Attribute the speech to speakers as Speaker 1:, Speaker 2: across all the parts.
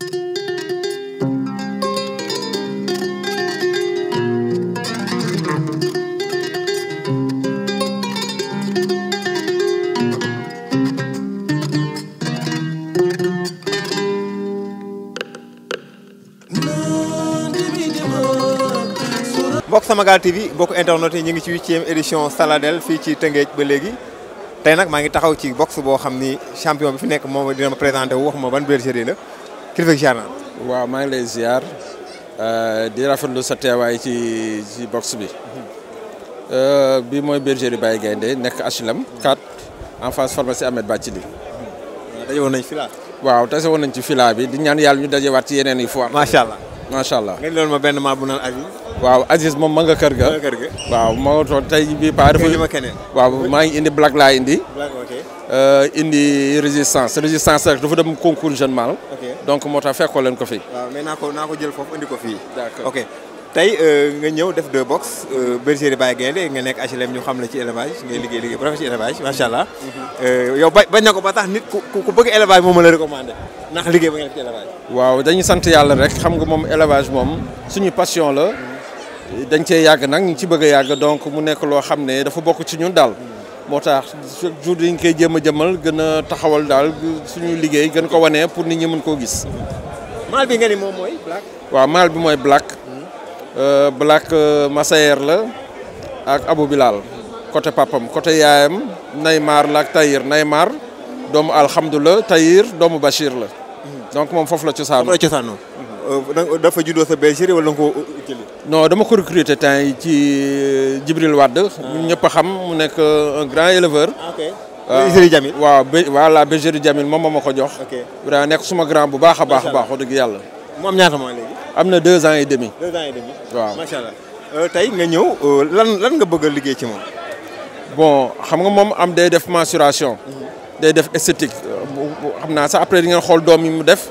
Speaker 1: mbokk
Speaker 2: Samagal TV bokk internet yi ñu ngi ci huitième édition Saladel fii ci Tëngéej ba léegi tey nag maa ngi taxaw ci box boo xam ni champion bi fi nekk moom dina ma présenté wu wax ma ban bergerie la kilifa gi ziar naa
Speaker 1: waaw maa ngi lay ziar euh, di rafetlu sa teewaay ci ci box bi. Euh, bi mooy bergerie Baye Gaynde nekk HLM 4 en face pharmacie Ahmed Bathily. waaw daje woon nañ fila. waaw tase woon nañ ci fila bi di ñaan yàlla ñu dajewaat ci yeneen yi fois. macha allah macha allah.
Speaker 2: ma benn maa bu naan Aziz.
Speaker 1: waaw Aziz moom ma nga kër ga. kër ga waaw moo toog tey bii paa dafa. waaw maa ngi indi black laa indi. black ok. Euh, indi résistance résistance rek dafa dem concours jeune mâle. donc moo tax fekkoo leen ko fi.
Speaker 2: waaw mais naa ko naa ko jël foofu indi ko fii. d'accord ok tey euh, nga ñëw def deux box euh, bergerie Baye Gaynde nga nekk HLM ñu xam la ci élevage ngay liggéey liggéey bu ci élevage macha allah. Mhm.
Speaker 1: Euh, yow ba bañ na ko ba tax nit ku ku bëgg élevage moom la recommandé ndax liggéey ba nga ci élevage. waaw dañuy sant yàlla rek xam nga moom élevage moom suñu passion la. Mhm. dañ cee yàgg nag ñu ci bëgg a yàgg donc mu nekk loo xam ne dafa bokk ci ñun daal. moo tax chaque jour dañ koy jéem a jëmal gën a taxawal daal suñu liggéey gën ko wanee pour nit ñi mën koo gis.
Speaker 2: maal bi nga ni moom mooy black.
Speaker 1: waaw maal bi mooy black. Euh, black euh, Massayer la ak Abou Bilal côté papam côté yaayam Neymar la ak Tahir Neymar doomu alhamdulilah Tahir doomu Bachir la. Hmm. donc moom foofu la cosaanoo. foofu la cosaanoo.
Speaker 2: Euh, sa wala euh,
Speaker 1: non dama ko recruter temps ci euh, jibril wad xam mu un grand éleveur ah, bergerie Jamil wa voilà Jamil mom jox vraiment nek suma grand bu suis baax mu am ñaata
Speaker 2: mo
Speaker 1: deux ans et demi deux
Speaker 2: ans et demi wa
Speaker 1: machallah euh tay nga ñew lan lan nga bëgg ci bon xam nga mom am day def mensuration mhm. day def esthétique xamna après di mu def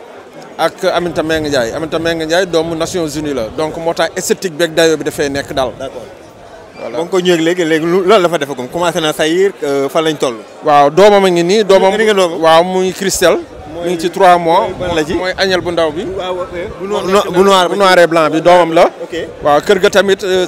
Speaker 1: ak les Ndiaye Aminta les Nations Unies la donc moo esthétique dayo bi nek dal d'accord voilà ba ko ñëwee léegi Christelle. ci 3 mois moy agnel bu ndaw bi. bu noir et blanc bi domam la. waaw kër tamit euh,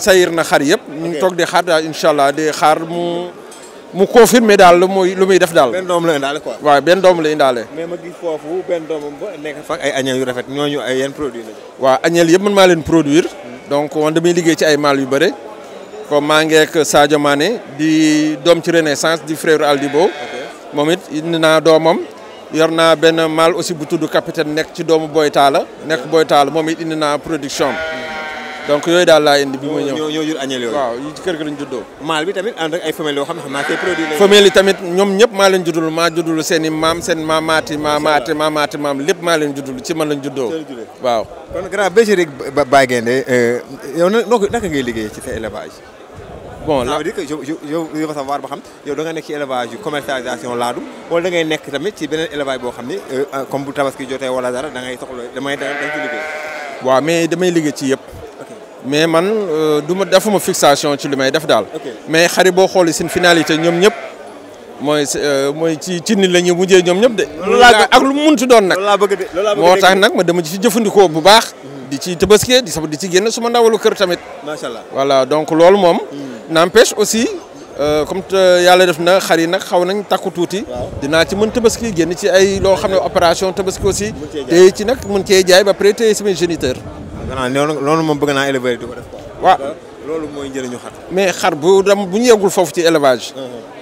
Speaker 1: mu confirmer dal lu muy lu muy def dal Ben dom la indalé quoi. waaw ben dom la indalé
Speaker 2: mais ma gis fofu ben dom ba nek fa ay agnel yu
Speaker 1: rafet ñoñu ay yeen produit la. waaw agnel yeb man ma leen produire. donc on demay liggé ci ay mal yu bëre. ko maa ak Sadio Mané di dom ci Renaissance di frère Aldibo. Momit it domam yorna ben mal, aussi bu tuddu capitaine nek ci doomu Boy Talla. nekk Boy Talla production donc yooyu daal laa indi bi ma ñëw ñoo
Speaker 2: jur añeel yooyu waaw ci kër gi lañ juddoo maal bi tamit ànd ak ay femelle yoo
Speaker 1: tamit ñoom ñëpp maa leen juddul maa juddul seen maam seen maamaati maamaati maamaati maam lépp maa leen juddul ci man lañ juddoo waaw
Speaker 2: kon grand bergerie Baye Gaïndé euh, yow naka ngay liggéey ci sa élevage bon la dire que yow yow fa savoir ba xam yow da nga nekk ci élevage yu commercialisation laadum wala da ngay nekk tamit ci beneen élevage boo xam ne euh, comme bu tabaski jotee wala dara da ngay soxla damay da ci liggéey
Speaker 1: waaw mais damay liggéey ci yëpp mais man euh, du ma defuma fixation ci li may def daal. mais xari boo xoolee seen finalité ñoom ñëpp mooy euh, mooy ci ci ni la ñu mujjee ñoom ñëpp de. ak lu mu munti doon nag. moo tax nag ma dama ci jëfandikoo bu baax. Hmm. di ci tëbaskee di sama di ci génn suma ndawalu kër tamit. macha allah voilà donc loolu moom. Hmm. n'empêche aussi. Euh, comme yàlla def na xar yi xaw nañ takku tuuti. dinaa ci mën tabaski génn ci ay loo xam opération tabaski aussi. tey ci nag mën cee jaay ba pare téye géniteur xanaa loolu moom bëgg naa éleveur di ko def waaw loolu mooy ñu xar. mais xar bu dem bu ñu yeggul foofu ci élevage.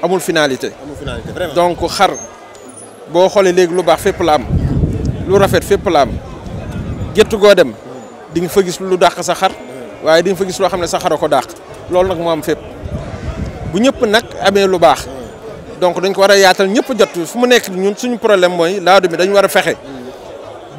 Speaker 1: amul finalité. amul finalité vraiment donc xar boo xoolee léegi lu baax fépp la am lu rafet fépp la am gétt goo dem di nga fa gis lu dàq sa xar waaye di nga fa gis loo xam ne sa xar ko dàq loolu nag moo am fépp bu ñëpp nag amee lu baax donc dañ ko war a yaatal ñëpp jot fu mu nekk ñun suñu problème mooy laadu mi dañu war a fexe.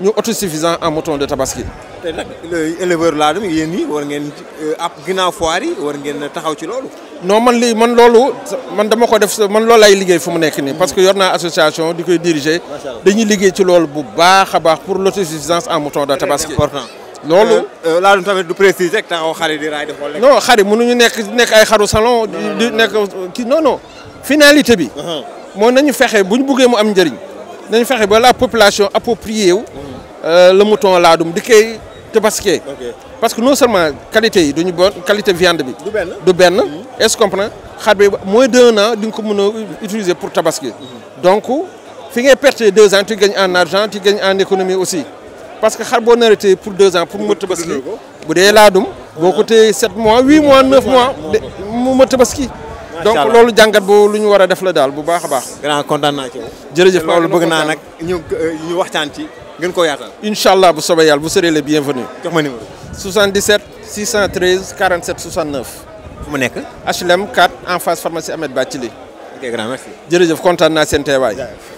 Speaker 1: ñu autosuffisant en mouton de tabaski.
Speaker 2: te nag éleveur laa dem yéen ñi war ngeen euh, ab ginnaaw foire yi war ngeen
Speaker 1: taxaw ci loolu. non man li, man loolu man dama ko def man loolu lay liggéey fu mu nekk parce que yorna association di koy diriger. dañuy liggéey ci loolu bu baax baax pour l'autosuffisance en mouton de tabaski. important
Speaker 2: loolu. Euh, euh, laa tamit du préciser rek taxaw xar yi de raay def.
Speaker 1: non xari, yi mënuñu nek nek ay xaru salon. di nekk non non. finalité bi. Uh-huh. moo nañu fexe bu ñu buggee mu am njëriñ. nañu fexe ba la population appropriée wu. Euh, le mouton laadum di tabaské parce que non seulement qualité yi bonne qualité qualité viande bi du Ben est-ce que comprend y a moins d'un an d'une communauté utilisée pour tabasquer. Mhm. donc fi tu perte deux ans tu gagnes en argent tu gagnes en économie aussi parce que xar boo narete pour deux ans pour me tabaski si tu es là, tu as sept mois 8 mois 9 mois mu me tabaski donc c'est jàngat que nous ñu a def la daal bu baax a baax.
Speaker 2: gannaaw je naa ci.
Speaker 1: ñu euh, ñu Inchallah, vous serez les bienvenus. numéro. 77 613 47 69. HLM 4 en face pharmacie Ahmed Batili. ok grand merci. jërëjëf de de Nation teewaay.